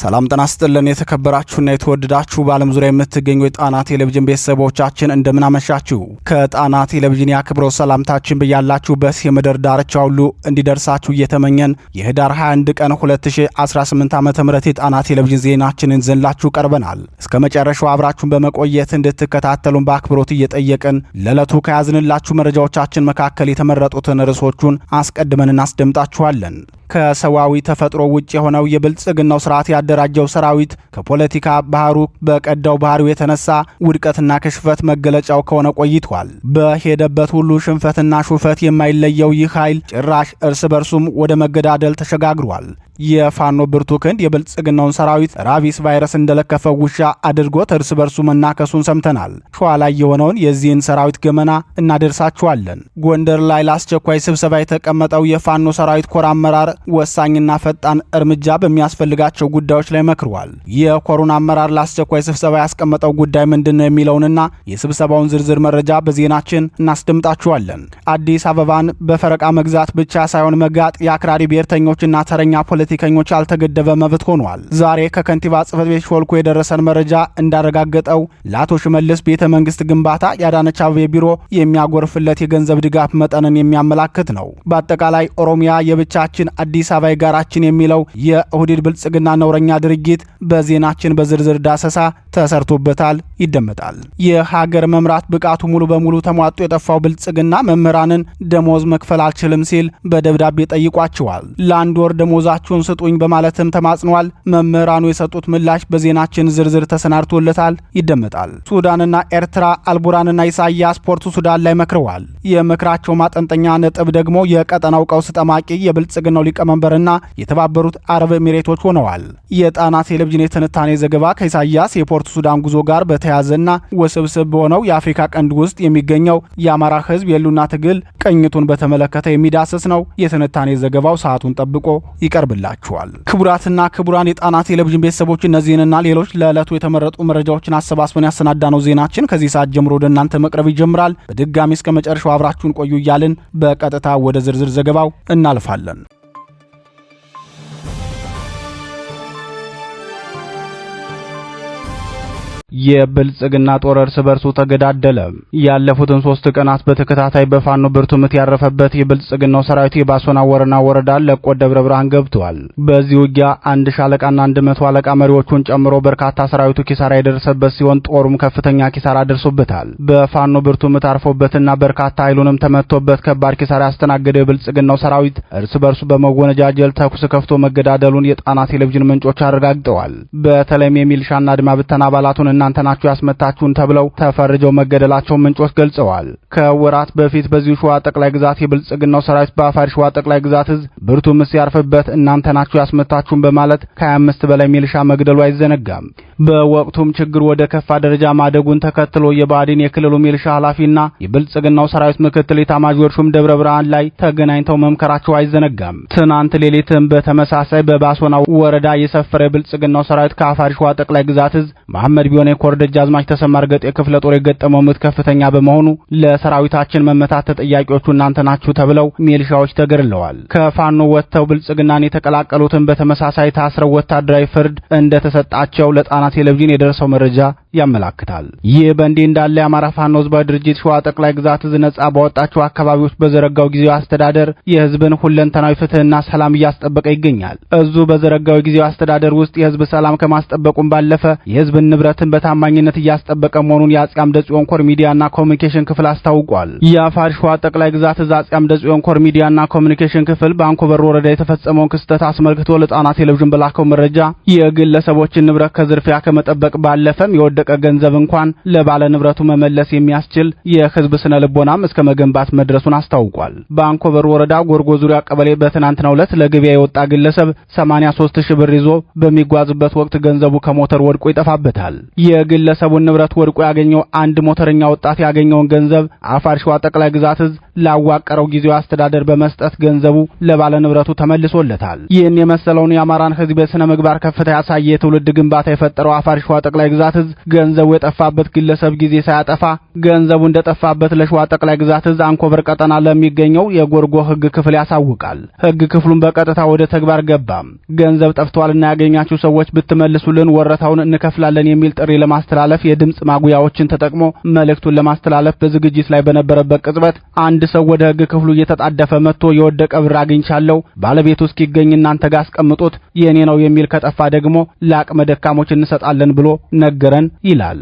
ሰላም ጤና ይስጥልን የተከበራችሁና የተወደዳችሁ በዓለም ዙሪያ የምትገኙ የጣና ቴሌቪዥን ቤተሰቦቻችን እንደምን አመሻችሁ። ከጣና ቴሌቪዥን የአክብሮት ሰላምታችን በያላችሁበት የምድር ዳርቻ ሁሉ እንዲደርሳችሁ እየተመኘን የህዳር 21 ቀን 2018 ዓ ም የጣና ቴሌቪዥን ዜናችንን ዘንላችሁ ቀርበናል። እስከ መጨረሻው አብራችሁን በመቆየት እንድትከታተሉን በአክብሮት እየጠየቅን ለዕለቱ ከያዝንላችሁ መረጃዎቻችን መካከል የተመረጡትን ርዕሶቹን አስቀድመን እናስደምጣችኋለን። ከሰዋዊ ተፈጥሮ ውጭ የሆነው የብልጽግናው ስርዓት ያደራጀው ሰራዊት ከፖለቲካ ባህሩ በቀዳው ባህሩ የተነሳ ውድቀትና ክሽፈት መገለጫው ከሆነ ቆይቷል። በሄደበት ሁሉ ሽንፈትና ሹፈት የማይለየው ይህ ኃይል ጭራሽ እርስ በርሱም ወደ መገዳደል ተሸጋግሯል። የፋኖ ብርቱ ክንድ የብልጽግናውን ሰራዊት ራቢስ ቫይረስ እንደለከፈ ውሻ አድርጎት እርስ በርሱ መናከሱን ሰምተናል። ሸዋ ላይ የሆነውን የዚህን ሰራዊት ገመና እናደርሳችኋለን። ጎንደር ላይ ለአስቸኳይ ስብሰባ የተቀመጠው የፋኖ ሰራዊት ኮር አመራር ወሳኝና ፈጣን እርምጃ በሚያስፈልጋቸው ጉዳዮች ላይ መክሯል። የኮሩን አመራር ለአስቸኳይ ስብሰባ ያስቀመጠው ጉዳይ ምንድን ነው የሚለውንና የስብሰባውን ዝርዝር መረጃ በዜናችን እናስደምጣችኋለን። አዲስ አበባን በፈረቃ መግዛት ብቻ ሳይሆን መጋጥ የአክራሪ ብሔርተኞችና ተረኛ ፖለቲ ፖለቲከኞች ያልተገደበ መብት ሆኗል። ዛሬ ከከንቲባ ጽህፈት ቤት ሾልኮ የደረሰን መረጃ እንዳረጋገጠው ለአቶ ሽመልስ ቤተ መንግስት ግንባታ የአዳነች አበቤ ቢሮ የሚያጎርፍለት የገንዘብ ድጋፍ መጠንን የሚያመላክት ነው። በአጠቃላይ ኦሮሚያ የብቻችን አዲስ አበባ የጋራችን የሚለው የእሁድድ ብልጽግና ነውረኛ ድርጊት በዜናችን በዝርዝር ዳሰሳ ተሰርቶበታል፣ ይደመጣል። የሀገር መምራት ብቃቱ ሙሉ በሙሉ ተሟጦ የጠፋው ብልጽግና መምህራንን ደሞዝ መክፈል አልችልም ሲል በደብዳቤ ጠይቋቸዋል። ለአንድ ወር ደሞዛችሁን አስተያየታችሁን ስጡኝ በማለትም ተማጽነዋል። መምህራኑ የሰጡት ምላሽ በዜናችን ዝርዝር ተሰናድቶለታል፣ ይደመጣል። ሱዳንና ኤርትራ አልቡራንና ኢሳያስ ፖርቱ ሱዳን ላይ መክረዋል። የምክራቸው ማጠንጠኛ ነጥብ ደግሞ የቀጠናው ቀውስ ጠማቂ የብልጽግናው ሊቀመንበርና የተባበሩት አረብ ኤሚሬቶች ሆነዋል። የጣና ቴሌቪዥን የትንታኔ ዘገባ ከኢሳያስ የፖርቱ ሱዳን ጉዞ ጋር በተያያዘና ውስብስብ በሆነው የአፍሪካ ቀንድ ውስጥ የሚገኘው የአማራ ሕዝብ የሉና ትግል ቅኝቱን በተመለከተ የሚዳስስ ነው። የትንታኔ ዘገባው ሰዓቱን ጠብቆ ይቀርባል። ይቀርብላችኋል። ክቡራትና ክቡራን የጣና ቴሌቪዥን ቤተሰቦች እነዚህንና ሌሎች ለዕለቱ የተመረጡ መረጃዎችን አሰባስበን ያሰናዳነው ዜናችን ከዚህ ሰዓት ጀምሮ ወደ እናንተ መቅረብ ይጀምራል። በድጋሚ እስከ መጨረሻው አብራችሁን ቆዩ እያልን በቀጥታ ወደ ዝርዝር ዘገባው እናልፋለን። የብልጽግና ጦር እርስ በርሱ ተገዳደለ። ያለፉትን ሶስት ቀናት በተከታታይ በፋኖ ብርቱ ምት ያረፈበት የብልጽግናው ሰራዊት የባሶና ወረና ወረዳ ለቆ ደብረ ብርሃን ገብቷል። በዚህ ውጊያ አንድ ሻለቃና አንድ መቶ አለቃ መሪዎቹን ጨምሮ በርካታ ሰራዊቱ ኪሳራ የደረሰበት ሲሆን ጦሩም ከፍተኛ ኪሳራ ደርሶበታል። በፋኖ ብርቱ ምት አርፎበትና በርካታ ኃይሉንም ተመቶበት ከባድ ኪሳራ ያስተናገደው የብልጽግናው ሰራዊት እርስ በርሱ በመወነጃጀል ተኩስ ከፍቶ መገዳደሉን የጣና ቴሌቪዥን ምንጮች አረጋግጠዋል። በተለይም የሚልሻና አድማ ብተና አባላቱን እናንተ ናችሁ ያስመታችሁን ተብለው ተፈርጀው መገደላቸውን ምንጮች ገልጸዋል። ከወራት በፊት በዚሁ ሸዋ ጠቅላይ ግዛት የብልጽግናው ሰራዊት በአፋሪ ሸዋ ጠቅላይ ግዛት እዝ ብርቱ ምስ ሲያርፍበት እናንተ ናችሁ ያስመታችሁን በማለት ከ25 በላይ ሚልሻ መግደሉ አይዘነጋም። በወቅቱም ችግር ወደ ከፋ ደረጃ ማደጉን ተከትሎ የባዲን የክልሉ ሚልሻ ኃላፊና የብልጽግናው ሰራዊት ምክትል ኤታማዦር ሹም ደብረ ብርሃን ላይ ተገናኝተው መምከራቸው አይዘነጋም። ትናንት ሌሊትም በተመሳሳይ በባሶና ወረዳ የሰፈረ የብልጽግናው ሰራዊት ከአፋር ሸዋ ጠቅላይ ግዛት እዝ መሐመድ ቢሆነ ኮር አዝማች ተሰማ የክፍለ ጦር የገጠመው ምት ከፍተኛ በመሆኑ ለሰራዊታችን መመታት ተጠያቂዎቹ እናንተ ናችሁ ተብለው ሚልሻዎች ተገድለዋል። ከፋኖ ወጥተው ብልጽግናን የተቀላቀሉትን በተመሳሳይ ታስረው ወታደራዊ ፍርድ እንደተሰጣቸው ለጣና ቴሌቪዥን የደረሰው መረጃ ያመላክታል። ይህ በእንዲህ እንዳለ የአማራ ፋኖ ህዝባዊ ድርጅት ሸዋ ጠቅላይ ግዛት እዝ ነጻ ባወጣቸው አካባቢዎች በዘረጋው ጊዜው አስተዳደር የህዝብን ሁለንተናዊ ፍትህና ሰላም እያስጠበቀ ይገኛል። እዙ በዘረጋው ጊዜው አስተዳደር ውስጥ የህዝብ ሰላም ከማስጠበቁም ባለፈ የህዝብን ንብረትን በታማኝነት እያስጠበቀ መሆኑን የአጼ አምደ ጽዮን ኮር ሚዲያና ኮሚኒኬሽን ክፍል አስታውቋል። የአፋድ ሸዋ ጠቅላይ ግዛት እዝ አጼ አምደ ጽዮን ኮር ሚዲያና ኮሚኒኬሽን ክፍል በአንኮበር ወረዳ የተፈጸመውን ክስተት አስመልክቶ ለጣና ቴሌቪዥን በላከው መረጃ የግለሰቦችን ንብረት ከዝርፊያ ከመጠበቅ ባለፈም የወደ የወደቀ ገንዘብ እንኳን ለባለ ንብረቱ መመለስ የሚያስችል የህዝብ ስነ ልቦናም እስከ መገንባት መድረሱን አስታውቋል። በአንኮበር ወረዳ ጎርጎ ዙሪያ ቀበሌ በትናንትናው ዕለት ለገበያ የወጣ ግለሰብ 83 ሺህ ብር ይዞ በሚጓዝበት ወቅት ገንዘቡ ከሞተር ወድቆ ይጠፋበታል። የግለሰቡን ንብረት ወድቆ ያገኘው አንድ ሞተረኛ ወጣት ያገኘውን ገንዘብ አፋር ሸዋ ጠቅላይ ግዛት እዝ ላዋቀረው ጊዜያዊ አስተዳደር በመስጠት ገንዘቡ ለባለ ንብረቱ ተመልሶለታል። ይህን የመሰለውን የአማራን ህዝብ የስነ ምግባር ከፍታ ያሳየ የትውልድ ግንባታ የፈጠረው አፋር ሸዋ ጠቅላይ ግዛት እዝ ገንዘቡ የጠፋበት ግለሰብ ጊዜ ሳያጠፋ ገንዘቡ እንደጠፋበት ለሸዋ ጠቅላይ ግዛት እዝ አንኮበር ቀጠና ለሚገኘው የጎርጎ ህግ ክፍል ያሳውቃል። ህግ ክፍሉን በቀጥታ ወደ ተግባር ገባ። ገንዘብ ጠፍቷልና ያገኛችሁ ሰዎች ብትመልሱልን ወረታውን እንከፍላለን የሚል ጥሪ ለማስተላለፍ የድምፅ ማጉያዎችን ተጠቅሞ መልእክቱን ለማስተላለፍ በዝግጅት ላይ በነበረበት ቅጽበት አንድ ሰው ወደ ህግ ክፍሉ እየተጣደፈ መጥቶ የወደቀ ብር አግኝቻለሁ፣ ባለቤቱ እስኪገኝ እናንተ ጋር አስቀምጡት፣ የእኔ ነው የሚል ከጠፋ ደግሞ ለአቅመ ደካሞች እንሰጣለን ብሎ ነገረን። ይላል።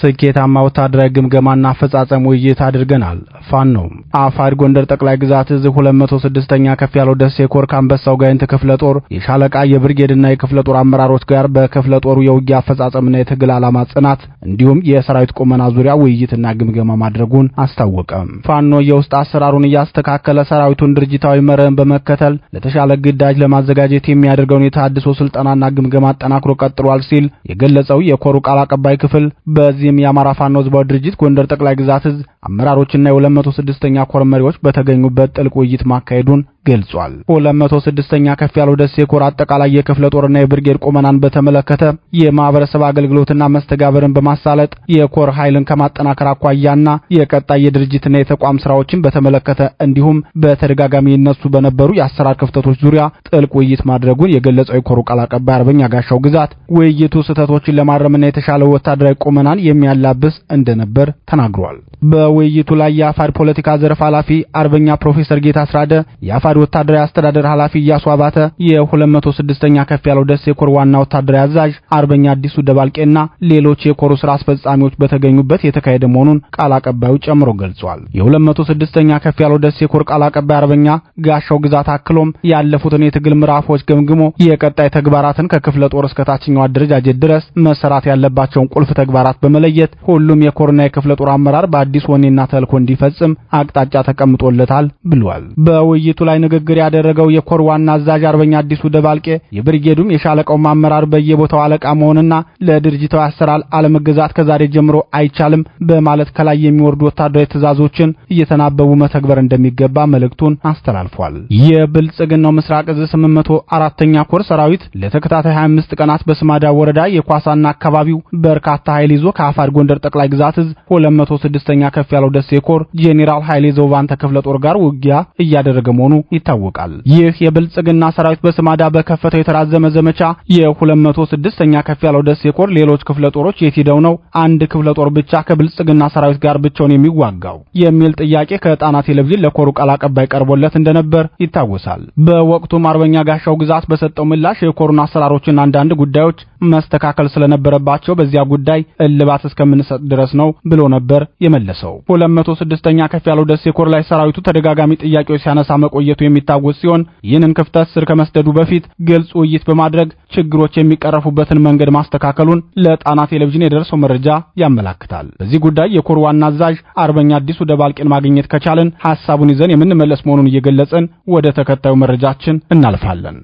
ስኬታማ ወታደራዊ ግምገማና አፈጻጸም ውይይት አድርገናል። ፋኖ አፋድ ጎንደር ጠቅላይ ግዛት እዝ 206ኛ ከፍ ያለው ደሴ ኮር ከአንበሳው ጋይንት ክፍለ ጦር የሻለቃ የብርጌድና የክፍለ ጦር አመራሮች ጋር በክፍለ ጦሩ የውጊያ አፈጻጸምና የትግል ዓላማ ጽናት እንዲሁም የሰራዊት ቁመና ዙሪያ ውይይትና ግምገማ ማድረጉን አስታወቀ። ፋኖ የውስጥ አሰራሩን እያስተካከለ ሰራዊቱን ድርጅታዊ መርህን በመከተል ለተሻለ ግዳጅ ለማዘጋጀት የሚያደርገውን የተሃድሶ ስልጠናና ግምገማ አጠናክሮ ቀጥሏል ሲል የገለጸው የኮሩ ቃል አቀባይ ክፍል በዚህ በዚህም የአማራ ፋኖ ህዝባዊ ድርጅት ጎንደር ጠቅላይ ግዛት እዝ አመራሮችና የ206ኛ ኮር መሪዎች በተገኙበት ጥልቅ ውይይት ማካሄዱን ገልጿል። ከ206ኛ ከፍ ያለው ደሴ ኮር አጠቃላይ የክፍለ ጦርና የብርጌድ ቁመናን በተመለከተ የማህበረሰብ አገልግሎትና መስተጋበርን በማሳለጥ የኮር ኃይልን ከማጠናከር አኳያና የቀጣይ የድርጅትና የተቋም ስራዎችን በተመለከተ እንዲሁም በተደጋጋሚ ይነሱ በነበሩ የአሰራር ክፍተቶች ዙሪያ ጥልቅ ውይይት ማድረጉን የገለጸው የኮሩ ቃል አቀባይ አርበኛ ጋሻው ግዛት ውይይቱ ስህተቶችን ለማረምና የተሻለ ወታደራዊ ቁመናን የሚያላብስ እንደነበር ተናግሯል። በውይይቱ ላይ የአፋድ ፖለቲካ ዘርፍ ኃላፊ አርበኛ ፕሮፌሰር ጌታ አስራደ የአፋድ ወታደራዊ አስተዳደር ኃላፊ እያሱ አባተ፣ የ206ኛ ከፍ ያለው ደሴ ኮር ዋና ወታደራዊ አዛዥ አርበኛ አዲሱ ደባልቄና ሌሎች የኮሩ ስራ አስፈጻሚዎች በተገኙበት የተካሄደ መሆኑን ቃል አቀባዩ ጨምሮ ገልጿል። የ206ኛ ከፍ ያለው ደሴ ኮር ቃል አቀባይ አርበኛ ጋሻው ግዛት አክሎም ያለፉትን የትግል ምዕራፎች ገምግሞ የቀጣይ ተግባራትን ከክፍለ ጦር እስከ ታችኛው አደረጃጀት ድረስ መሰራት ያለባቸውን ቁልፍ ተግባራት በመለየት ሁሉም የኮርና የክፍለ ጦር አመራር በአዲስ ወኔና ተልኮ እንዲፈጽም አቅጣጫ ተቀምጦለታል ብሏል። በውይይቱ ላይ ላይ ንግግር ያደረገው የኮር ዋና አዛዥ አርበኛ አዲሱ ደባልቄ የብርጌዱም የሻለቃውም አመራር በየቦታው አለቃ መሆንና ለድርጅታዊ አሰራር አለመገዛት ከዛሬ ጀምሮ አይቻልም በማለት ከላይ የሚወርዱ ወታደራዊ ትዕዛዞችን እየተናበቡ መተግበር እንደሚገባ መልእክቱን አስተላልፏል። የብልጽግናው ምስራቅ እዝ 804ኛ ኮር ሰራዊት ለተከታታይ 25 ቀናት በስማዳ ወረዳ የኳሳና አካባቢው በርካታ ኃይል ይዞ ከአፋድ ጎንደር ጠቅላይ ግዛት እዝ 206ኛ ከፍ ያለው ደሴ ኮር ጄኔራል ኃይሌ ዘውባን ክፍለ ጦር ጋር ውጊያ እያደረገ መሆኑ ይታወቃል። ይህ የብልጽግና ሰራዊት በስማዳ በከፈተው የተራዘመ ዘመቻ የ206ኛ ከፍ ያለው ደሴ ኮር ሌሎች ክፍለ ጦሮች የት ሄደው ነው አንድ ክፍለ ጦር ብቻ ከብልጽግና ሰራዊት ጋር ብቻውን የሚዋጋው የሚል ጥያቄ ከጣና ቴሌቪዥን ለኮሩ ቃል አቀባይ ቀርቦለት እንደነበር ይታወሳል። በወቅቱም አርበኛ ጋሻው ግዛት በሰጠው ምላሽ የኮሩን አሰራሮችና አንዳንድ ጉዳዮች መስተካከል ስለነበረባቸው በዚያ ጉዳይ እልባት እስከምንሰጥ ድረስ ነው ብሎ ነበር የመለሰው። 206ኛ ከፍ ያለው ደሴ ኮር ላይ ሰራዊቱ ተደጋጋሚ ጥያቄዎች ሲያነሳ መቆየት መቆየቱ የሚታወስ ሲሆን ይህንን ክፍተት ስር ከመስደዱ በፊት ግልጽ ውይይት በማድረግ ችግሮች የሚቀረፉበትን መንገድ ማስተካከሉን ለጣና ቴሌቪዥን የደረሰው መረጃ ያመላክታል። በዚህ ጉዳይ የኮር ዋና አዛዥ አርበኛ አዲሱ ደባልቄን ማግኘት ከቻለን ሐሳቡን ይዘን የምንመለስ መሆኑን እየገለጽን ወደ ተከታዩ መረጃችን እናልፋለን።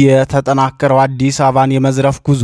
የተጠናከረው አዲስ አበባን የመዝረፍ ጉዞ።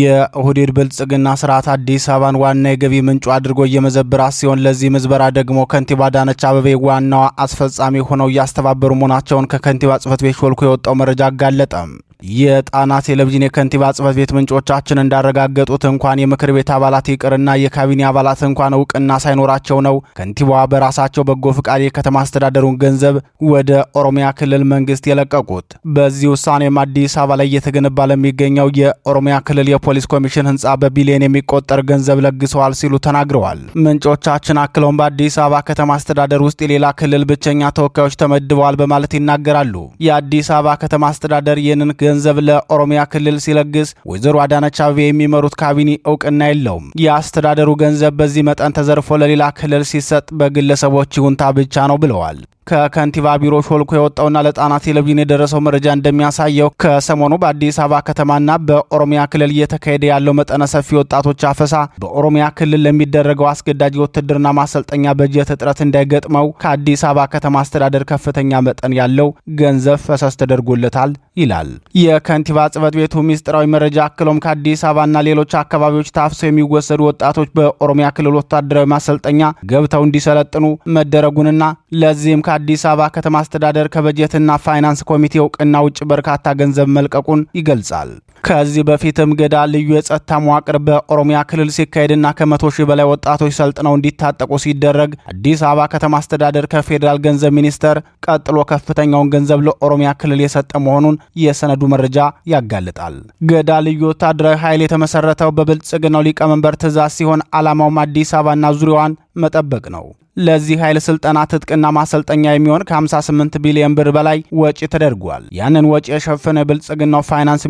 የኦህዴድ ብልጽግና ስርዓት አዲስ አበባን ዋና የገቢ ምንጩ አድርጎ እየመዘበራት ሲሆን ለዚህ ምዝበራ ደግሞ ከንቲባ አዳነች አበቤ ዋናዋ አስፈጻሚ ሆነው እያስተባበሩ መሆናቸውን ከከንቲባ ጽህፈት ቤት ሾልኮ የወጣው መረጃ አጋለጠም። የጣና ቴሌቪዥን የከንቲባ ጽህፈት ቤት ምንጮቻችን እንዳረጋገጡት እንኳን የምክር ቤት አባላት ይቅርና የካቢኔ አባላት እንኳን እውቅና ሳይኖራቸው ነው ከንቲባዋ በራሳቸው በጎ ፍቃድ የከተማ አስተዳደሩን ገንዘብ ወደ ኦሮሚያ ክልል መንግስት የለቀቁት። በዚህ ውሳኔ አዲስ አበባ ላይ እየተገነባ ለሚገኘው የኦሮሚያ ክልል የፖሊስ ኮሚሽን ህንፃ በቢሊዮን የሚቆጠር ገንዘብ ለግሰዋል ሲሉ ተናግረዋል። ምንጮቻችን አክለውም በአዲስ አበባ ከተማ አስተዳደር ውስጥ የሌላ ክልል ብቸኛ ተወካዮች ተመድበዋል በማለት ይናገራሉ። የአዲስ አበባ ከተማ አስተዳደር ይህንን ገንዘብ ለኦሮሚያ ክልል ሲለግስ ወይዘሮ አዳነች አቤቤ የሚመሩት ካቢኔ እውቅና የለውም። የአስተዳደሩ ገንዘብ በዚህ መጠን ተዘርፎ ለሌላ ክልል ሲሰጥ በግለሰቦች ይሁንታ ብቻ ነው ብለዋል። ከከንቲባ ቢሮ ሾልኮ የወጣውና ለጣና ቴሌቪዥን የደረሰው መረጃ እንደሚያሳየው ከሰሞኑ በአዲስ አበባ ከተማና በኦሮሚያ ክልል እየተካሄደ ያለው መጠነ ሰፊ ወጣቶች አፈሳ በኦሮሚያ ክልል ለሚደረገው አስገዳጅ የውትድርና ማሰልጠኛ በጀት እጥረት እንዳይገጥመው ከአዲስ አበባ ከተማ አስተዳደር ከፍተኛ መጠን ያለው ገንዘብ ፈሰስ ተደርጎለታል ይላል የከንቲባ ጽህፈት ቤቱ ሚስጥራዊ መረጃ። አክሎም ከአዲስ አበባና ሌሎች አካባቢዎች ታፍሰው የሚወሰዱ ወጣቶች በኦሮሚያ ክልል ወታደራዊ ማሰልጠኛ ገብተው እንዲሰለጥኑ መደረጉንና ለዚህም አዲስ አበባ ከተማ አስተዳደር ከበጀትና ፋይናንስ ኮሚቴ እውቅና ውጭ በርካታ ገንዘብ መልቀቁን ይገልጻል። ከዚህ በፊትም ገዳ ልዩ የጸጥታ መዋቅር በኦሮሚያ ክልል ሲካሄድና ከመቶ ሺህ በላይ ወጣቶች ሰልጥነው እንዲታጠቁ ሲደረግ አዲስ አበባ ከተማ አስተዳደር ከፌዴራል ገንዘብ ሚኒስቴር ቀጥሎ ከፍተኛውን ገንዘብ ለኦሮሚያ ክልል የሰጠ መሆኑን የሰነዱ መረጃ ያጋልጣል። ገዳ ልዩ ወታደራዊ ኃይል የተመሰረተው በብልጽግናው ሊቀመንበር ትእዛዝ ሲሆን ዓላማውም አዲስ አበባና ዙሪያዋን መጠበቅ ነው። ለዚህ ኃይል ስልጠና ትጥቅና ማሰልጠኛ የሚሆን ከ58 ቢሊዮን ብር በላይ ወጪ ተደርጓል። ያንን ወጪ የሸፈነ ብልጽግናው ፋይናንስ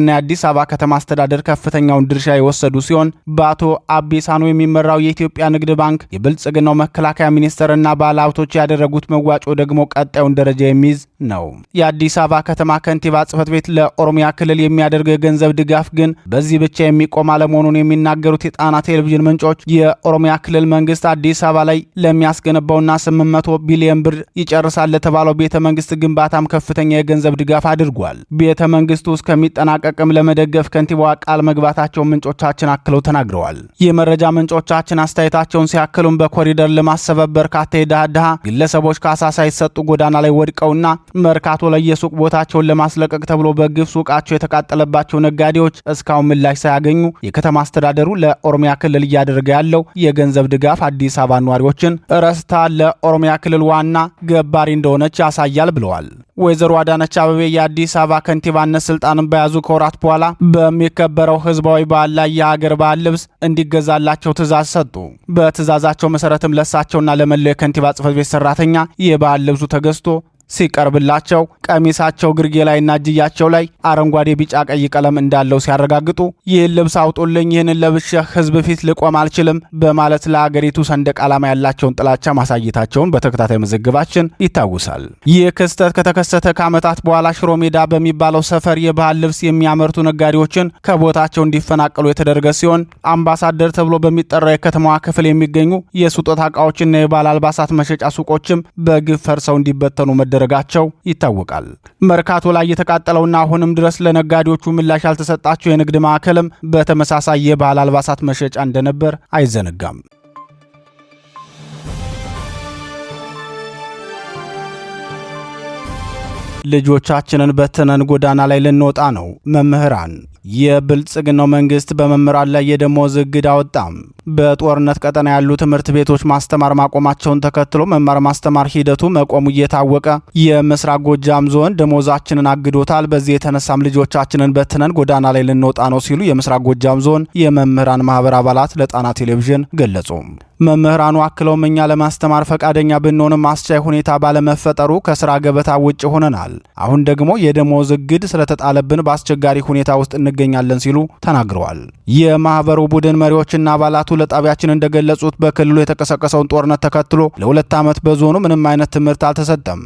እና የአዲስ አበባ ከተማ አስተዳደር ከፍተኛውን ድርሻ የወሰዱ ሲሆን በአቶ አቤሳኖ የሚመራው የኢትዮጵያ ንግድ ባንክ፣ የብልጽግናው መከላከያ እና ባለሀብቶች ያደረጉት መዋጮ ደግሞ ቀጣዩን ደረጃ የሚይዝ ነው። የአዲስ አበባ ከተማ ከንቲባ ጽህፈት ቤት ለኦሮሚያ ክልል የሚያደርገው የገንዘብ ድጋፍ ግን በዚህ ብቻ የሚቆም አለመሆኑን የሚናገሩት የጣና ቴሌቪዥን ምንጮች የኦሮሚያ ክልል መንግስት አዲስ አበባ ላይ ለሚያስገነባውና 800 ቢሊዮን ብር ይጨርሳል ለተባለው ቤተ መንግስት ግንባታም ከፍተኛ የገንዘብ ድጋፍ አድርጓል። ቤተ መንግስቱ እስከሚጠናቀቅም ለመደገፍ ከንቲባዋ ቃል መግባታቸውን ምንጮቻችን አክለው ተናግረዋል። የመረጃ ምንጮቻችን አስተያየታቸውን ሲያክሉም በኮሪደር ልማት በርካታ የድሃ ድሃ ግለሰቦች ካሳ ሳይሰጡ ጎዳና ላይ ወድቀውና መርካቶ ላይ የሱቅ ቦታቸውን ለማስለቀቅ ተብሎ በግፍ ሱቃቸው የተቃጠለባቸው ነጋዴዎች እስካሁን ምላሽ ሳያገኙ የከተማ አስተዳደሩ ለኦሮሚያ ክልል እያደረገ ያለው የገንዘብ ድጋፍ አዲስ አበባ ነዋሪዎችን እረስታ ለኦሮሚያ ክልል ዋና ገባሪ እንደሆነች ያሳያል ብለዋል። ወይዘሮ አዳነች አበቤ የአዲስ አበባ ከንቲባነት ስልጣንን በያዙ ከወራት በኋላ በሚከበረው ህዝባዊ በዓል ላይ የሀገር ባህል ልብስ እንዲገዛላቸው ትእዛዝ ሰጡ። በትእዛዛቸው መሰረትም ለሳቸውና ለመላው የከንቲባ ጽህፈት ቤት ሰራተኛ የባህል ልብሱ ተገዝቶ ሲቀርብላቸው ቀሚሳቸው ግርጌ ላይና እጅያቸው ላይ አረንጓዴ፣ ቢጫ፣ ቀይ ቀለም እንዳለው ሲያረጋግጡ ይህን ልብስ አውጡልኝ፣ ይህንን ለብሼ ህዝብ ፊት ልቆም አልችልም በማለት ለአገሪቱ ሰንደቅ ዓላማ ያላቸውን ጥላቻ ማሳየታቸውን በተከታታይ መዘግባችን ይታወሳል። ይህ ክስተት ከተከሰተ ከዓመታት በኋላ ሽሮ ሜዳ በሚባለው ሰፈር የባህል ልብስ የሚያመርቱ ነጋዴዎችን ከቦታቸው እንዲፈናቀሉ የተደረገ ሲሆን አምባሳደር ተብሎ በሚጠራው የከተማዋ ክፍል የሚገኙ የስጦታ እቃዎችና የባህል አልባሳት መሸጫ ሱቆችም በግፍ ፈርሰው እንዲበተኑ መደረ ማድረጋቸው ይታወቃል። መርካቶ ላይ የተቃጠለውና አሁንም ድረስ ለነጋዴዎቹ ምላሽ ያልተሰጣቸው የንግድ ማዕከልም በተመሳሳይ የባህል አልባሳት መሸጫ እንደነበር አይዘነጋም። ልጆቻችንን በትነን ጎዳና ላይ ልንወጣ ነው። መምህራን የብልጽግናው መንግስት በመምህራን ላይ የደሞዝ እግድ አወጣም። በጦርነት ቀጠና ያሉ ትምህርት ቤቶች ማስተማር ማቆማቸውን ተከትሎ መማር ማስተማር ሂደቱ መቆሙ እየታወቀ የምስራቅ ጎጃም ዞን ደሞዛችንን አግዶታል፣ በዚህ የተነሳም ልጆቻችንን በትነን ጎዳና ላይ ልንወጣ ነው ሲሉ የምስራቅ ጎጃም ዞን የመምህራን ማህበር አባላት ለጣና ቴሌቪዥን ገለጹ። መምህራኑ አክለውም እኛ ለማስተማር ፈቃደኛ ብንሆንም አስቻይ ሁኔታ ባለመፈጠሩ ከስራ ገበታ ውጭ ሆነናል። አሁን ደግሞ የደሞዝ እግድ ስለተጣለብን በአስቸጋሪ ሁኔታ ውስጥ እንገኛለን ሲሉ ተናግረዋል። የማህበሩ ቡድን መሪዎችና አባላቱ ለጣቢያችን እንደገለጹት በክልሉ የተቀሰቀሰውን ጦርነት ተከትሎ ለሁለት ዓመት በዞኑ ምንም አይነት ትምህርት አልተሰጠም።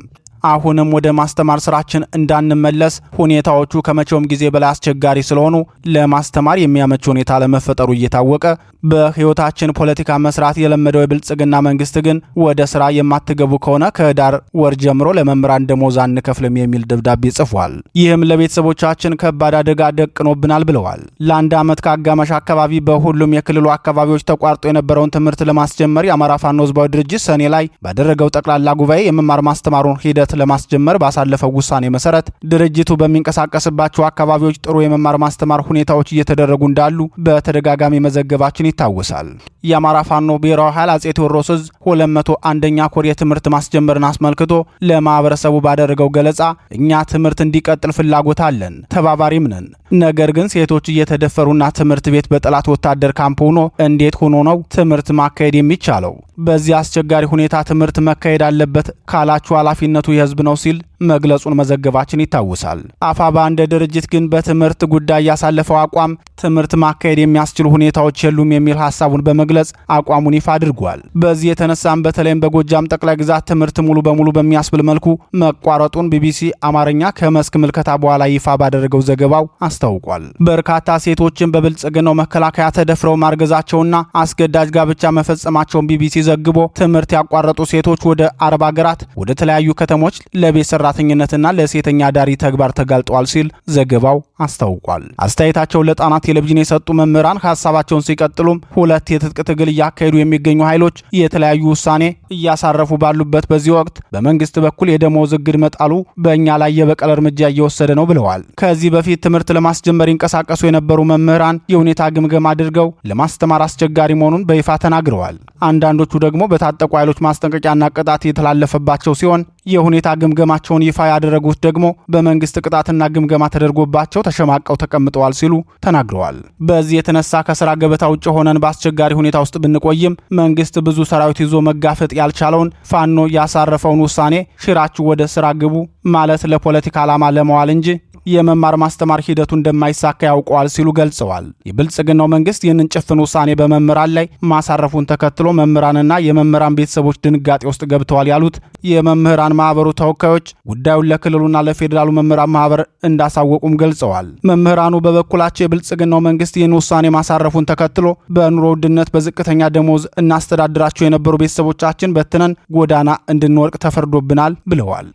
አሁንም ወደ ማስተማር ስራችን እንዳንመለስ ሁኔታዎቹ ከመቼውም ጊዜ በላይ አስቸጋሪ ስለሆኑ ለማስተማር የሚያመች ሁኔታ ለመፈጠሩ እየታወቀ በህይወታችን ፖለቲካ መስራት የለመደው የብልጽግና መንግስት ግን ወደ ስራ የማትገቡ ከሆነ ከህዳር ወር ጀምሮ ለመምህራን ደሞዝ አንከፍልም የሚል ደብዳቤ ጽፏል። ይህም ለቤተሰቦቻችን ከባድ አደጋ ደቅኖብናል ብለዋል። ለአንድ ዓመት ከአጋማሽ አካባቢ በሁሉም የክልሉ አካባቢዎች ተቋርጦ የነበረውን ትምህርት ለማስጀመር የአማራ ፋኖ ህዝባዊ ድርጅት ሰኔ ላይ ባደረገው ጠቅላላ ጉባኤ የመማር ማስተማሩን ሂደት ሂደት ለማስጀመር ባሳለፈው ውሳኔ መሰረት ድርጅቱ በሚንቀሳቀስባቸው አካባቢዎች ጥሩ የመማር ማስተማር ሁኔታዎች እየተደረጉ እንዳሉ በተደጋጋሚ መዘገባችን ይታወሳል። የአማራ ፋኖ ብሔራዊ ኃይል አጼ ቴዎድሮስ ዕዝ 201 ኮር የትምህርት ማስጀመርን አስመልክቶ ለማህበረሰቡ ባደረገው ገለጻ እኛ ትምህርት እንዲቀጥል ፍላጎት አለን፣ ተባባሪም ነን። ነገር ግን ሴቶች እየተደፈሩና ትምህርት ቤት በጠላት ወታደር ካምፕ ሆኖ እንዴት ሆኖ ነው ትምህርት ማካሄድ የሚቻለው? በዚህ አስቸጋሪ ሁኔታ ትምህርት መካሄድ አለበት ካላችሁ ኃላፊነቱ የህዝብ ነው ሲል መግለጹን መዘገባችን ይታወሳል። አፋባ እንደ ድርጅት ግን በትምህርት ጉዳይ ያሳለፈው አቋም ትምህርት ማካሄድ የሚያስችሉ ሁኔታዎች የሉም የሚል ሀሳቡን በመግለጽ አቋሙን ይፋ አድርጓል። በዚህ የተነሳም በተለይም በጎጃም ጠቅላይ ግዛት ትምህርት ሙሉ በሙሉ በሚያስብል መልኩ መቋረጡን ቢቢሲ አማርኛ ከመስክ ምልከታ በኋላ ይፋ ባደረገው ዘገባው አስታውቋል። በርካታ ሴቶችን በብልጽግናው መከላከያ ተደፍረው ማርገዛቸውና አስገዳጅ ጋብቻ መፈጸማቸውን ቢቢሲ ዘግቦ ትምህርት ያቋረጡ ሴቶች ወደ አረብ ሀገራት ወደ ተለያዩ ከተሞች ለቤት ሰራተኝነትና ለሴተኛ አዳሪ ተግባር ተጋልጠዋል ሲል ዘገባው አስታውቋል። አስተያየታቸውን ለጣና ቴሌቪዥን የሰጡ መምህራን ሀሳባቸውን ሲቀጥሉም ሁለት የትጥቅ ትግል እያካሄዱ የሚገኙ ኃይሎች የተለያዩ ውሳኔ እያሳረፉ ባሉበት በዚህ ወቅት በመንግስት በኩል የደሞዝ እግድ መጣሉ በእኛ ላይ የበቀል እርምጃ እየወሰደ ነው ብለዋል። ከዚህ በፊት ትምህርት ለማስጀመር ይንቀሳቀሱ የነበሩ መምህራን የሁኔታ ግምገማ አድርገው ለማስተማር አስቸጋሪ መሆኑን በይፋ ተናግረዋል። አንዳንዶቹ ደግሞ በታጠቁ ኃይሎች ማስጠንቀቂያና ቅጣት የተላለፈባቸው ሲሆን የሁኔታ ግምገማቸውን ይፋ ያደረጉት ደግሞ በመንግስት ቅጣትና ግምገማ ተደርጎባቸው ተሸማቀው ተቀምጠዋል ሲሉ ተናግረዋል። በዚህ የተነሳ ከስራ ገበታ ውጭ ሆነን በአስቸጋሪ ሁኔታ ውስጥ ብንቆይም መንግስት ብዙ ሰራዊት ይዞ መጋፈጥ ያልቻለውን ፋኖ ያሳረፈውን ውሳኔ ሽራችሁ ወደ ስራ ግቡ ማለት ለፖለቲካ ዓላማ ለመዋል እንጂ የመማር ማስተማር ሂደቱ እንደማይሳካ ያውቀዋል ሲሉ ገልጸዋል። የብልጽግናው መንግስት ይህንን ጭፍን ውሳኔ በመምህራን ላይ ማሳረፉን ተከትሎ መምህራንና የመምህራን ቤተሰቦች ድንጋጤ ውስጥ ገብተዋል ያሉት የመምህራን ማህበሩ ተወካዮች ጉዳዩን ለክልሉና ለፌዴራሉ መምህራን ማህበር እንዳሳወቁም ገልጸዋል። መምህራኑ በበኩላቸው የብልጽግናው መንግስት ይህን ውሳኔ ማሳረፉን ተከትሎ በኑሮ ውድነት በዝቅተኛ ደሞዝ እናስተዳድራቸው የነበሩ ቤተሰቦቻችን በትነን ጎዳና እንድንወርቅ ተፈርዶብናል ብለዋል።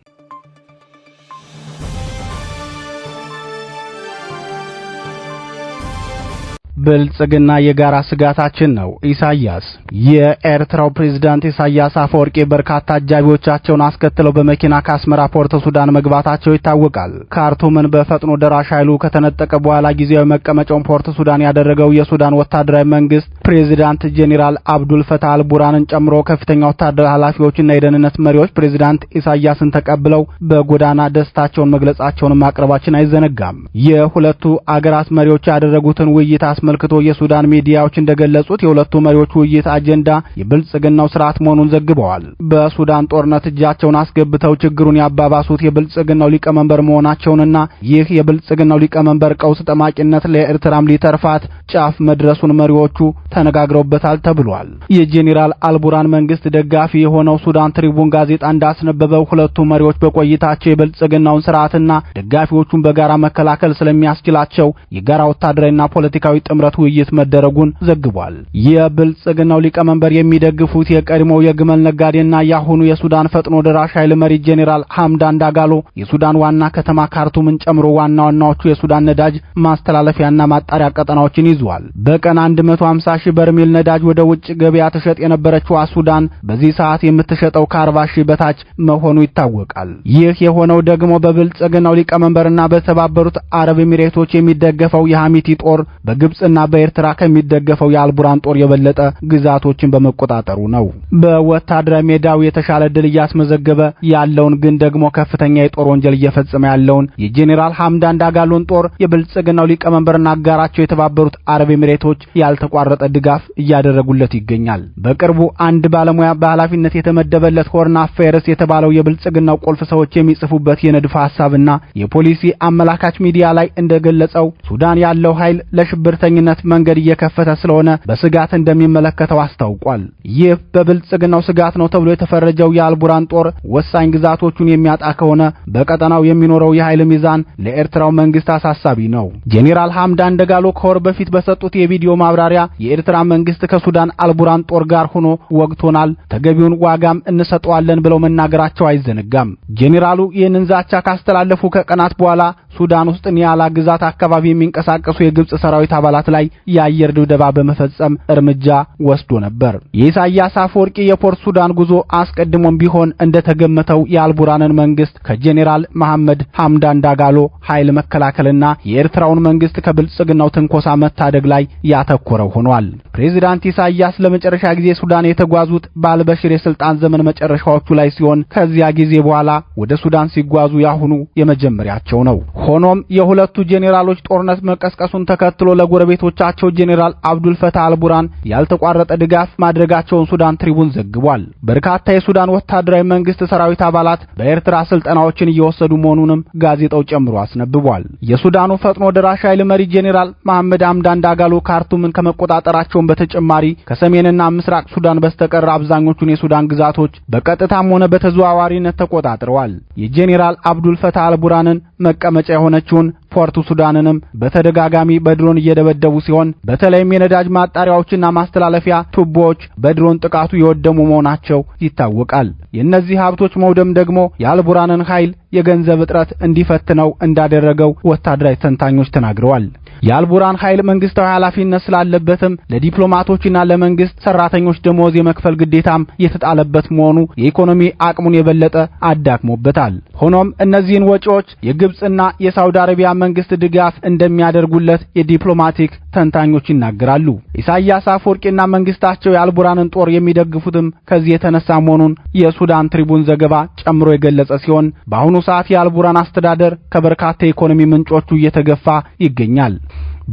ብልጽግና የጋራ ስጋታችን ነው። ኢሳያስ የኤርትራው ፕሬዝዳንት ኢሳያስ አፈወርቂ በርካታ አጃቢዎቻቸውን አስከትለው በመኪና ከአስመራ ፖርት ሱዳን መግባታቸው ይታወቃል። ካርቱምን በፈጥኖ ደራሽ ኃይሉ ከተነጠቀ በኋላ ጊዜያዊ መቀመጫውን ፖርት ሱዳን ያደረገው የሱዳን ወታደራዊ መንግስት ፕሬዚዳንት ጄኔራል አብዱል ፈታል አልቡራንን ጨምሮ ከፍተኛ ወታደር ኃላፊዎችና የደህንነት መሪዎች ፕሬዚዳንት ኢሳያስን ተቀብለው በጎዳና ደስታቸውን መግለጻቸውን ማቅረባችን አይዘነጋም። የሁለቱ አገራት መሪዎች ያደረጉትን ውይይት አስመልክቶ የሱዳን ሚዲያዎች እንደገለጹት የሁለቱ መሪዎች ውይይት አጀንዳ የብልጽግናው ስርዓት መሆኑን ዘግበዋል። በሱዳን ጦርነት እጃቸውን አስገብተው ችግሩን ያባባሱት የብልጽግናው ሊቀመንበር መሆናቸውንና ይህ የብልጽግናው ሊቀመንበር ቀውስ ጠማቂነት ለኤርትራም ሊተርፋት ጫፍ መድረሱን መሪዎቹ ተነጋግረውበታል ተብሏል። የጄኔራል አልቡራን መንግስት ደጋፊ የሆነው ሱዳን ትሪቡን ጋዜጣ እንዳስነበበው ሁለቱ መሪዎች በቆይታቸው የብልጽግናውን ስርዓትና ደጋፊዎቹን በጋራ መከላከል ስለሚያስችላቸው የጋራ ወታደራዊና ፖለቲካዊ ጥምረት ውይይት መደረጉን ዘግቧል። የብልጽግናው ሊቀመንበር የሚደግፉት የቀድሞው የግመል ነጋዴና የአሁኑ የሱዳን ፈጥኖ ደራሽ ኃይል መሪ ጄኔራል ሐምዳን ዳጋሎ የሱዳን ዋና ከተማ ካርቱምን ጨምሮ ዋና ዋናዎቹ የሱዳን ነዳጅ ማስተላለፊያና ማጣሪያ ቀጠናዎችን ይዟል። በቀን 150 ሺህ በርሜል ነዳጅ ወደ ውጭ ገበያ ትሸጥ የነበረችው ሱዳን በዚህ ሰዓት የምትሸጠው ከአርባ በታች መሆኑ ይታወቃል። ይህ የሆነው ደግሞ በብልጽግናው ሊቀመንበርና በተባበሩት አረብ ኤሚሬቶች የሚደገፈው የሐሚቲ ጦር በግብፅና በኤርትራ ከሚደገፈው የአልቡራን ጦር የበለጠ ግዛቶችን በመቆጣጠሩ ነው። በወታደራዊ ሜዳው የተሻለ ድል እያስመዘገበ ያለውን ግን ደግሞ ከፍተኛ የጦር ወንጀል እየፈጸመ ያለውን የጄኔራል ሐምዳን ዳጋሎን ጦር የብልጽግናው ሊቀመንበርና አጋራቸው የተባበሩት አረብ ኤሚሬቶች ያልተቋረጠ ድጋፍ እያደረጉለት ይገኛል። በቅርቡ አንድ ባለሙያ በኃላፊነት የተመደበለት ሆርን አፌርስ የተባለው የብልጽግናው ቁልፍ ሰዎች የሚጽፉበት የንድፈ ሐሳብና የፖሊሲ አመላካች ሚዲያ ላይ እንደገለጸው ሱዳን ያለው ኃይል ለሽብርተኝነት መንገድ እየከፈተ ስለሆነ በስጋት እንደሚመለከተው አስታውቋል። ይህ በብልጽግናው ስጋት ነው ተብሎ የተፈረጀው የአልቡራን ጦር ወሳኝ ግዛቶቹን የሚያጣ ከሆነ በቀጠናው የሚኖረው የኃይል ሚዛን ለኤርትራው መንግስት አሳሳቢ ነው። ጄኔራል ሐምዳን ደጋሎ ከወር በፊት በሰጡት የቪዲዮ ማብራሪያ የኤርትራ መንግስት ከሱዳን አልቡራን ጦር ጋር ሆኖ ወግቶናል፣ ተገቢውን ዋጋም እንሰጠዋለን ብለው መናገራቸው አይዘነጋም። ጄኔራሉ ይህንን ዛቻ ካስተላለፉ ከቀናት በኋላ ሱዳን ውስጥ ኒያላ ግዛት አካባቢ የሚንቀሳቀሱ የግብጽ ሰራዊት አባላት ላይ የአየር ድብደባ በመፈጸም እርምጃ ወስዶ ነበር። የኢሳያስ አፈወርቂ የፖርት ሱዳን ጉዞ አስቀድሞም ቢሆን እንደተገመተው የአልቡራንን መንግስት ከጄኔራል መሐመድ ሐምዳን ዳጋሎ ኃይል መከላከልና የኤርትራውን መንግስት ከብልጽግናው ትንኮሳ መታደግ ላይ ያተኮረው ሆኗል። ፕሬዚዳንት ኢሳያስ ለመጨረሻ ጊዜ ሱዳን የተጓዙት በአልበሽር የስልጣን ዘመን መጨረሻዎቹ ላይ ሲሆን ከዚያ ጊዜ በኋላ ወደ ሱዳን ሲጓዙ ያሁኑ የመጀመሪያቸው ነው። ሆኖም የሁለቱ ጄኔራሎች ጦርነት መቀስቀሱን ተከትሎ ለጎረቤቶቻቸው ጄኔራል አብዱል ፈታህ አልቡራን ያልተቋረጠ ድጋፍ ማድረጋቸውን ሱዳን ትሪቡን ዘግቧል። በርካታ የሱዳን ወታደራዊ መንግስት ሰራዊት አባላት በኤርትራ ስልጠናዎችን እየወሰዱ መሆኑንም ጋዜጣው ጨምሮ አስነብቧል። የሱዳኑ ፈጥኖ ደራሽ ኃይል መሪ ጄኔራል መሐመድ አምዳን ዳጋሎ ካርቱምን ከመቆጣጠራ ከመሆናቸውም በተጨማሪ ከሰሜንና ምስራቅ ሱዳን በስተቀር አብዛኞቹን የሱዳን ግዛቶች በቀጥታም ሆነ በተዘዋዋሪነት ተቆጣጥረዋል። የጄኔራል አብዱል ፈታህ አልቡራንን መቀመጫ የሆነችውን ፖርቱ ሱዳንንም በተደጋጋሚ በድሮን እየደበደቡ ሲሆን በተለይም የነዳጅ ማጣሪያዎችና ማስተላለፊያ ቱቦዎች በድሮን ጥቃቱ የወደሙ መሆናቸው ይታወቃል። የእነዚህ ሀብቶች መውደም ደግሞ የአልቡራንን ኃይል የገንዘብ እጥረት እንዲፈትነው እንዳደረገው ወታደራዊ ተንታኞች ተናግረዋል። የአልቡራን ኃይል መንግስታዊ ኃላፊነት ስላለበትም ለዲፕሎማቶችና ለመንግስት ሰራተኞች ደሞዝ የመክፈል ግዴታም የተጣለበት መሆኑ የኢኮኖሚ አቅሙን የበለጠ አዳክሞበታል። ሆኖም እነዚህን ወጪዎች የግብጽና የሳውዲ አረቢያ መንግስት ድጋፍ እንደሚያደርጉለት የዲፕሎማቲክ ተንታኞች ይናገራሉ። ኢሳያስ አፈወርቂና መንግስታቸው የአልቡራንን ጦር የሚደግፉትም ከዚህ የተነሳ መሆኑን የሱዳን ትሪቡን ዘገባ ጨምሮ የገለጸ ሲሆን በአሁኑ ሰዓት የአልቡራን አስተዳደር ከበርካታ የኢኮኖሚ ምንጮቹ እየተገፋ ይገኛል።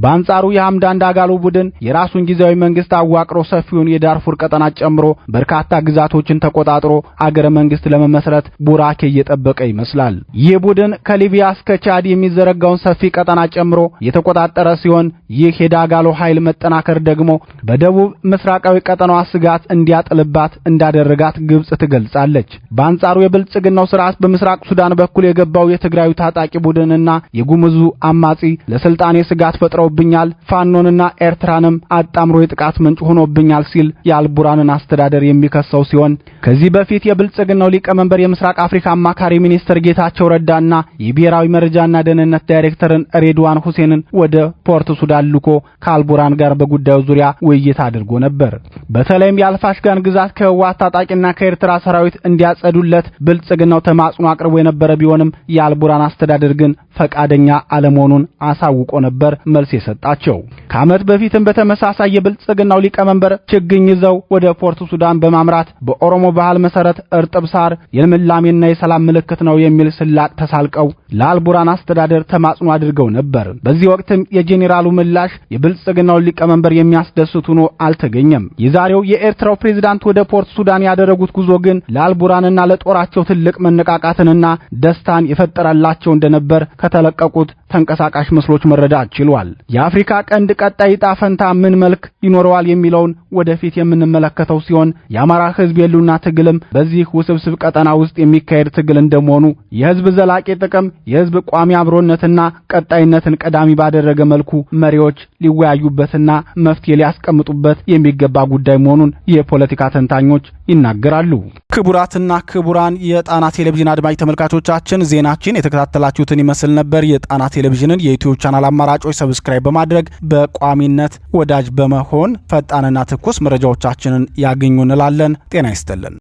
በአንጻሩ የሐምዳን ዳጋሎ ቡድን የራሱን ጊዜያዊ መንግስት አዋቅሮ ሰፊውን የዳርፉር ቀጠና ጨምሮ በርካታ ግዛቶችን ተቆጣጥሮ አገረ መንግስት ለመመስረት ቡራኬ እየጠበቀ ይመስላል። ይህ ቡድን ከሊቢያ እስከ ቻድ የሚዘረጋውን ሰፊ ቀጠና ጨምሮ የተቆጣጠረ ሲሆን ይህ የዳጋሎ ኃይል መጠናከር ደግሞ በደቡብ ምስራቃዊ ቀጠናዋ ስጋት እንዲያጥልባት እንዳደረጋት ግብጽ ትገልጻለች። በአንጻሩ የብልጽግናው ስርዓት በምስራቅ ሱዳን በኩል የገባው የትግራዩ ታጣቂ ቡድንና የጉምዙ አማጺ ለስልጣኔ ስጋት ፈጥሮ ፈጥረውብኛል፣ ፋኖንና ኤርትራንም አጣምሮ የጥቃት ምንጭ ሆኖብኛል ሲል የአልቡራንን አስተዳደር የሚከሰው ሲሆን ከዚህ በፊት የብልጽግናው ሊቀመንበር የምስራቅ አፍሪካ አማካሪ ሚኒስትር ጌታቸው ረዳና የብሔራዊ መረጃና ደህንነት ዳይሬክተርን ሬድዋን ሁሴንን ወደ ፖርት ሱዳን ልኮ ከአልቡራን ጋር በጉዳዩ ዙሪያ ውይይት አድርጎ ነበር። በተለይም የአልፋሽጋን ግዛት ከህወሓት ታጣቂና ከኤርትራ ሰራዊት እንዲያጸዱለት ብልጽግናው ተማጽኖ አቅርቦ የነበረ ቢሆንም የአልቡራን አስተዳደር ግን ፈቃደኛ አለመሆኑን አሳውቆ ነበር መልስ መልስ የሰጣቸው። ከዓመት በፊትም በተመሳሳይ የብልጽግናው ሊቀመንበር ችግኝ ይዘው ወደ ፖርት ሱዳን በማምራት በኦሮሞ ባህል መሰረት እርጥብ ሳር የልምላሜና የሰላም ምልክት ነው የሚል ስላቅ ተሳልቀው ለአልቡራን አስተዳደር ተማጽኖ አድርገው ነበር። በዚህ ወቅትም የጄኔራሉ ምላሽ የብልጽግናውን ሊቀመንበር የሚያስደስት ሆኖ አልተገኘም። የዛሬው የኤርትራው ፕሬዝዳንት ወደ ፖርት ሱዳን ያደረጉት ጉዞ ግን ለአልቡራንና ለጦራቸው ትልቅ መነቃቃትንና ደስታን የፈጠረላቸው እንደነበር ከተለቀቁት ተንቀሳቃሽ ምስሎች መረዳት ችሏል። የአፍሪካ ቀንድ ቀጣይ ዕጣ ፈንታ ምን መልክ ይኖረዋል የሚለውን ወደፊት የምንመለከተው ሲሆን የአማራ ሕዝብ የሉና ትግልም በዚህ ውስብስብ ቀጠና ውስጥ የሚካሄድ ትግል እንደመሆኑ የሕዝብ ዘላቂ ጥቅም፣ የሕዝብ ቋሚ አብሮነትና ቀጣይነትን ቀዳሚ ባደረገ መልኩ መሪዎች ሊወያዩበትና መፍትሄ ሊያስቀምጡበት የሚገባ ጉዳይ መሆኑን የፖለቲካ ተንታኞች ይናገራሉ። ክቡራትና ክቡራን የጣና ቴሌቪዥን አድማጭ ተመልካቾቻችን ዜናችን የተከታተላችሁትን ይመስል ነበር። የጣና ቴሌቪዥንን የዩትዩብ ቻናል አማራጮች ሰብስ ሰብስክራይብ በማድረግ በቋሚነት ወዳጅ በመሆን ፈጣንና ትኩስ መረጃዎቻችንን ያገኙ እንላለን። ጤና ይስጥልን።